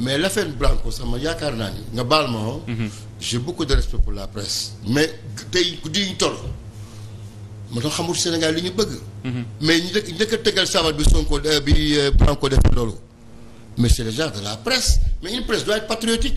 mais l'affaire Branco sama yaakaar naa ni nga baal ma oo mhm. j'ai beaucoup de respect pour la presse mais tey guddi yi ñu toll ma tax xamul Sénégal li ñu bëgg mhm. mais ñu dëkk njëkk a tëggal sabat bi Sonko euh, bi euh, Branco def loolu mais c'est de la presse mais une presse doit être patriotique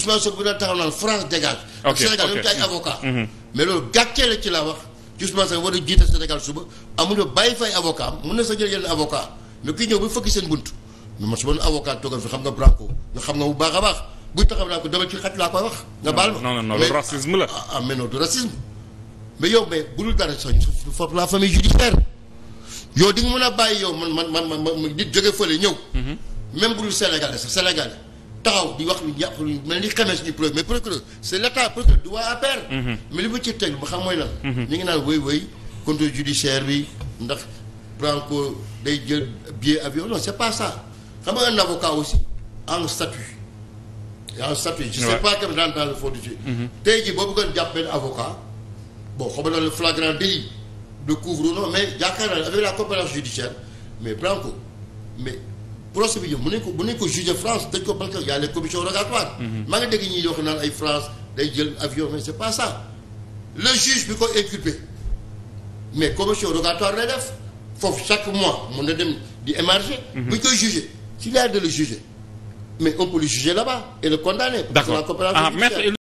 Ousmane Sonko daan taxaw naan France dégage. ok Sénégal dañu taay avocat. Mm-hmm. mais loolu gàccee la ci laa wax ci Ousmane Sonko war a Sénégal suba amuñu bàyyi fay avocat mun na sa jël yenn avocat mais kuy ba fëkki seen bunt ma nee avocat toogal fi xam nga Branco nga xam nga bu baax a baax bu taxaw naa ko dama ci xaj laa koy wax. nga baal ma non non non loolu racisme la. Ah, ah, mais yow mais bu dul dara sax foofu laa famille judiciaire yow di nga mën a bàyyi yow man man man man nit jóge fële ñëw. Mm-hmm. même bu dul sénégalais sax sénégalais. taxaw di wax ni jàpp ni mais procureur c' est l' état procureur du waa APR mais li ma ci teg ba xam mooy lan mhm. ñu ngi naan wëy wëy contrôle judiciaire bi ndax Branco day jël billet avion non c' pas ça xam nga un avocat aussi en statut en statut je sais pas comme dans le fond du jeu tey jii boo bëggoon jàpp benn avocat bon xam nga le flagrant délit de couvre non mais yaakaar naa avec la coopération judiciaire mais Branco mais procès bi ñoom mën ko mën nañu ko juger France dañ ko parce que y a les commissions rogatoires. Mhm. maa ngi dégg ñuy wax naan ay France day jël avion mais c'est pas ça le juge bi ko inculpé mais commission rogatoire lay def foofu chaque mois mën na dem di émarger. Mhm. bu ñu koy juger s'il y a de le juger mais on peut le juger et le condamner. d'accord